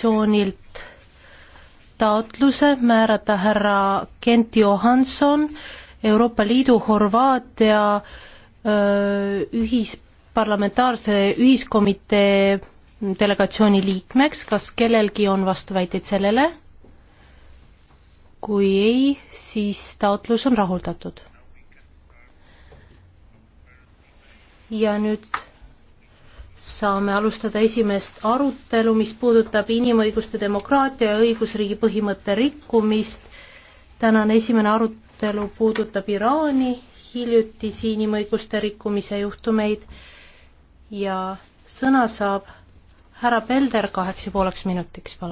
fraktsioonilt taotluse määrata härra Kent Johanson Euroopa Liidu Horvaatia ühis, parlamentaarse ühiskomitee delegatsiooni liikmeks, kas kellelgi on vastuväiteid sellele? kui ei, siis taotlus on rahuldatud. ja nüüd saame alustada esimest arutelu, mis puudutab inimõiguste demokraatia ja õigusriigi põhimõtte rikkumist. tänane esimene arutelu puudutab Iraani hiljutisi inimõiguste rikkumise juhtumeid ja sõna saab härra Pelder kaheks ja pooleks minutiks, palun.